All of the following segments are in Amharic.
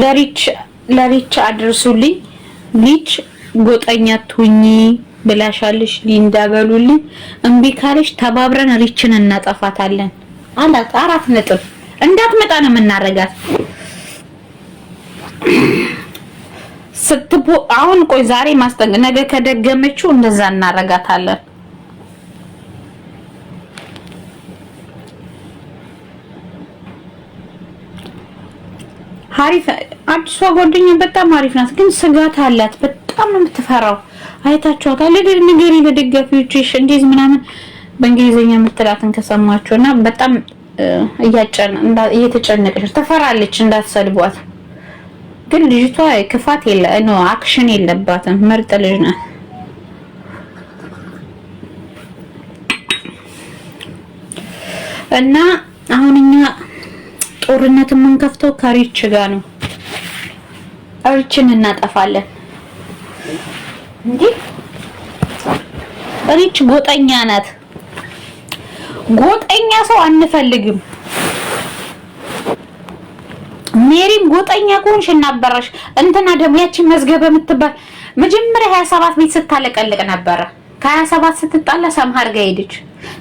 ለሪች ለሪች አድርሱልኝ። ሪች ጎጠኛ ትሁኚ ብላሻለሽ ሊንዳ በሉልኝ። እምቢ ካለሽ ተባብረን ሪችን እናጠፋታለን አላት። አራት ነጥብ እንዳትመጣ ነው የምናረጋት። ስትቦ አሁን ቆይ ዛሬ ማስጠንቀቅ ነገ ከደገመችው እንደዛ እናረጋታለን። አሪፍ አዲሷ ጓደኛ በጣም አሪፍ ናት፣ ግን ስጋት አላት። በጣም ነው የምትፈራው። አይታችኋታል። ንገሪ ለደጋፊዎችሽ እንዴት ምናምን በእንግሊዝኛ የምትላትን ከሰማችሁ እና በጣም እያጨን እየተጨነቀች ትፈራለች። እንዳትሰድቧት። ግን ልጅቷ ክፋት የለ ነው አክሽን የለባትም። ምርጥ ልጅ ናት። እና አሁን እኛ ጦርነት የምንከፍተው ከሪች ጋር ነው። ሪችን እናጠፋለን። እንዴ ሪች ጎጠኛ ናት። ጎጠኛ ሰው አንፈልግም። ሜሪም ጎጠኛ ከሆንሽ እናበራሽ። እንትና ደግሞ ያችን መዝገበ የምትባል መጀመሪያ 27 ቤት ስታለቀልቅ ነበረ። ከ ከ27 ስትጣላ ሰምሃር ጋር ሄደች።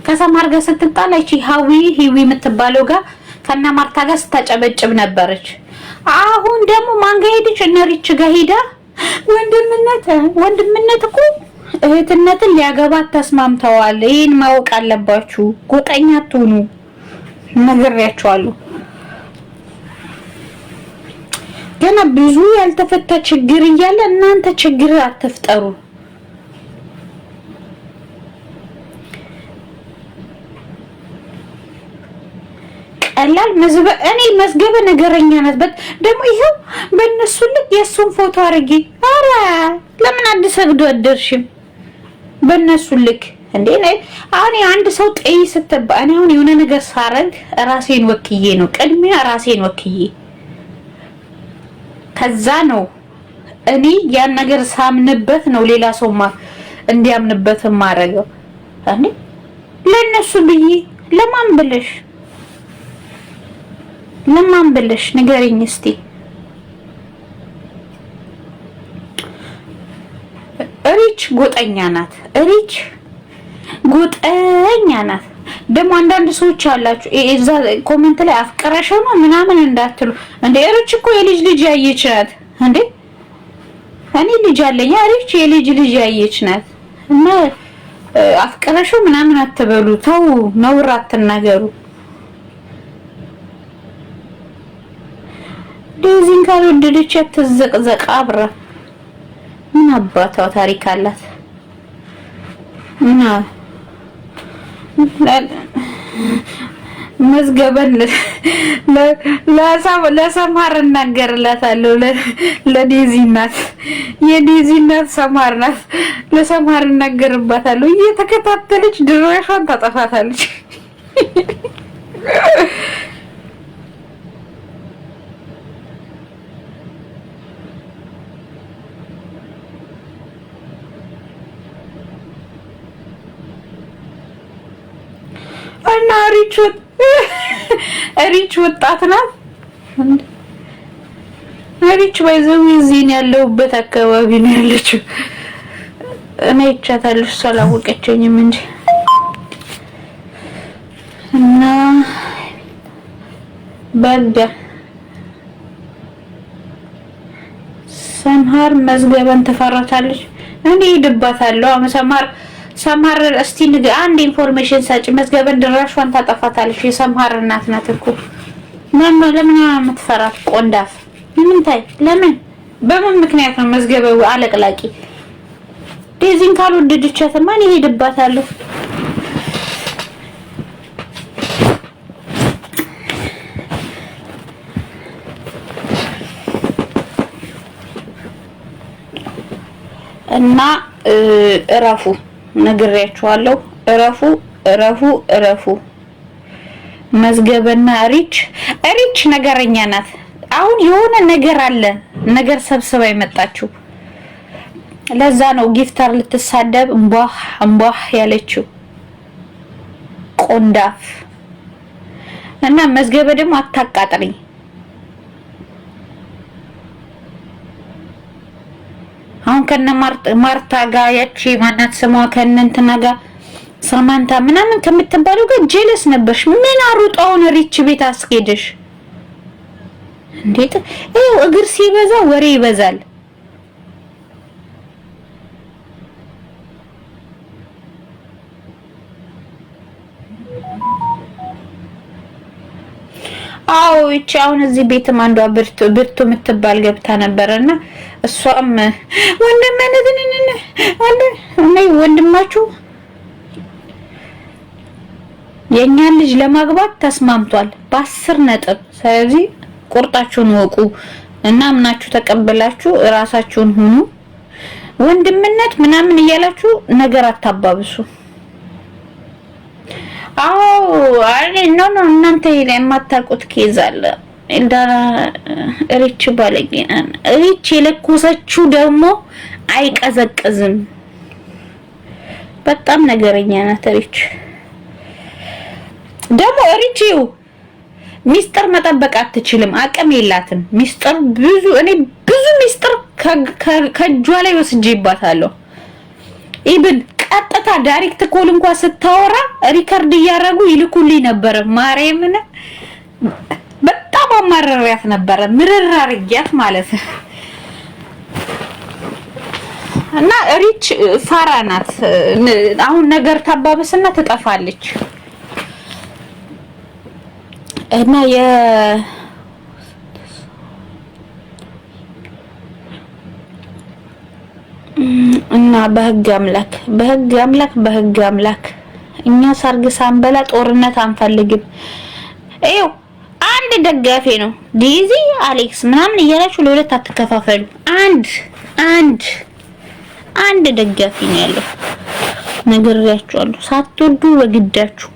ከሰምሃር ጋር ስትጣላ እቺ ሀዊ ሂዊ የምትባለው ጋር ከነ ማርታ ጋር ስታጨበጭብ ነበረች። አሁን ደግሞ ማን ጋር ሄደች? እነ ሪች ጋር ሄዳ ወንድምነት ወንድምነት እኮ እህትነትን ሊያገባት ተስማምተዋል። ይህን ማወቅ አለባችሁ። ጎጠኛ አትሁኑ፣ ነግሬያችኋለሁ። ገና ብዙ ያልተፈታ ችግር እያለ እናንተ ችግር አትፍጠሩ። ቀላል እኔ መዝገበ ነገረኛ ናት። ደግሞ ይኸው በእነሱ ልክ የእሱን ፎቶ አድርጌ አ ለምን አንድ ሰግዶ አደርሽም በእነሱ ልክ እንዴ አሁን አንድ ሰው ጥይ ስትባ እኔ አሁን የሆነ ነገር ሳረግ ራሴን ወክዬ ነው፣ ቅድሚያ ራሴን ወክዬ ከዛ ነው እኔ ያን ነገር ሳምንበት ነው ሌላ ሰው እንዲያምንበት ማረገው። እኔ ለእነሱ ብዬ ለማን ብለሽ ለማን ብለሽ ንገሪኝ እስቲ። እሪች ጎጠኛ ናት። ሪች ጎጠኛ ናት። ደግሞ አንዳንድ ሰዎች አላችሁ እዛ ኮሜንት ላይ አፍቅረሽ ነው ምናምን እንዳትሉ። እንዴ እሪች እኮ የልጅ ልጅ ያየች ናት እንዴ! እኔ ልጅ አለኝ። ሪች የልጅ ልጅ ያየች ናት እና አፍቅረሽው ምናምን አትበሉ። ተው ነውር አትናገሩ። ዴዚን ካልወደደቻት ትዘቅዘቅ አብራ። ምን አባቷ ታሪክ አላት? ምና መዝገበን ለሰማር እናገርላታለሁ። ለዴዚ እናት የዴዚ እናት ሰማር ናት። ለሰማር እናገርባታለሁ። እየተከታተለች ድሮሻን ታጠፋታለች። ሪች ወጣት ናት። ሪች ባይዘው እዚህን ያለሁበት አካባቢ ነው ያለችው። እኔ ይቻታለሁ እሷ አላወቀችኝም እንጂ እና በጋ ሰምሃር መዝገበን ትፈራታለች። እኔ ሄድባታለሁ አመሰማር ሰማር እስቲ ንግ አንድ ኢንፎርሜሽን ሰጪ መዝገበ ድራሿን ታጠፋታለሽ። የሰማር እናት ናት እኮ ለምን የምትፈራት ቆንዳፍ ምንታይ? ለምን በምን ምክንያት ነው መዝገበ አለቅላቂ? ዴዚን ካልወደደቻት ማን ይሄድባታለሁ? እና እረፉ። ነግሬያችኋለሁ። እረፉ እረፉ እረፉ። መዝገበና ሪች ሪች ነገረኛ ናት። አሁን የሆነ ነገር አለ ነገር ሰብስባ የመጣችው ለዛ ነው ጊፍታር ልትሳደብ እምቧህ እምቧህ ያለችው ቆንዳፍ እና መዝገበ ደግሞ አታቃጥሪኝ አሁን ከነ ማርታ ጋር ያቺ ማናት ስሟ ከነ እንትና ጋር ሳማንታ ምናምን ከምትባለው ጋር ጄለስ ነበርሽ። ምን አሩጦ አሁን ሪች ቤት አስኬድሽ? እንዴት ይኸው እግር ሲበዛ ወሬ ይበዛል። ይቺ አሁን እዚህ ቤትም አንዷ ብርቱ የምትባል ገብታ ነበረ እና እሷም ወንድምነትንን ወንድማችሁ የእኛን ልጅ ለማግባት ተስማምቷል በአስር ነጥብ። ስለዚህ ቁርጣችሁን ወቁ እና ምናችሁ ተቀበላችሁ እራሳችሁን ሁኑ። ወንድምነት ምናምን እያላችሁ ነገር አታባብሱ። አዎ አይ ኖ ኖ እናንተ የማታውቁት ኬዝ አለ። ኤልዳና ሪች ባለጌ ናት። ሪች የለኮሰችው ደግሞ አይቀዘቅዝም። በጣም ነገረኛ ናት ሪች። ደግሞ ሪች ይኸው ሚስጥር መጠበቅ አትችልም፣ አቅም የላትም። ሚስጥር ብዙ እኔ ብዙ ሚስጥር ከእጇ ላይ ወስጄባታለሁ ኢብን ቀጥታ ዳይሬክት ኮል እንኳን ስታወራ ሪከርድ እያደረጉ ይልኩልኝ ነበር። ማርያምን በጣም አማረሪያት ነበረ፣ ምርር አርጊያት ማለት ነው። እና ሪች ፋራ ናት። አሁን ነገር ታባብስና ትጠፋለች እና እና በህግ አምላክ በህግ አምላክ በህግ አምላክ እኛ ሰርግ ሳንበላ ጦርነት አንፈልግም። ይኸው አንድ ደጋፊ ነው ዲዚ አሌክስ ምናምን እያላችሁ ለሁለት አትከፋፈሉ። አንድ አንድ አንድ ደጋፊ ነው ያለው። ነግሬያችኋለሁ። ሳትወዱ በግዳችሁ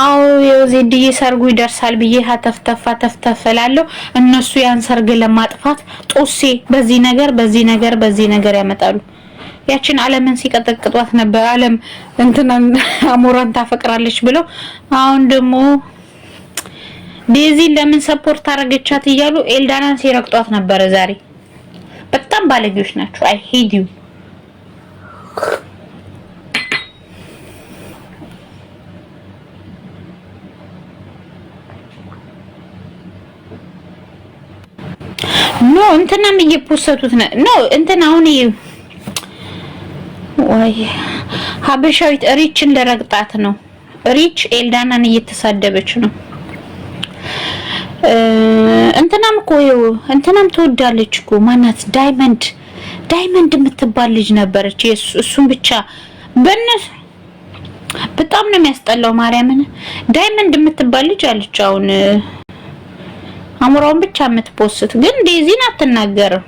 አዎ የዜድዬ ሰርጉ ይደርሳል ብዬ ሀተፍተፋ ተፍተፈላለሁ። እነሱ ያን ሰርግ ለማጥፋት ጦሴ በዚህ ነገር በዚህ ነገር በዚህ ነገር ያመጣሉ። ያችን ዓለምን ሲቀጠቅጧት ነበር። ዓለም እንትናን አሞራን ታፈቅራለች ብለው አሁን ደግሞ ዴዚን ለምን ሰፖርት አረገቻት እያሉ ኤልዳናን ሲረግጧት ነበረ ዛሬ። በጣም ባለጌዎች ናቸው። አይ ሄድ ዩ እንትናም እየፖሰቱት ነው። እንትን አሁን ወይ ሀበሻዊት ሪችን ልረግጣት ነው። ሪች ኤልዳናን እየተሳደበች ነው። እንትናም እኮ እንትናም ትወዳለች እኮ ማናት? ዳይመንድ ዳይመንድ የምትባል ልጅ ነበረች። እሱን ብቻ በእነሱ በጣም ነው የሚያስጠላው። ማርያምን ዳይመንድ የምትባል ልጅ አለች አሁን አሙራውን ብቻ የምትፖስት ግን ዴዚን አትናገርም።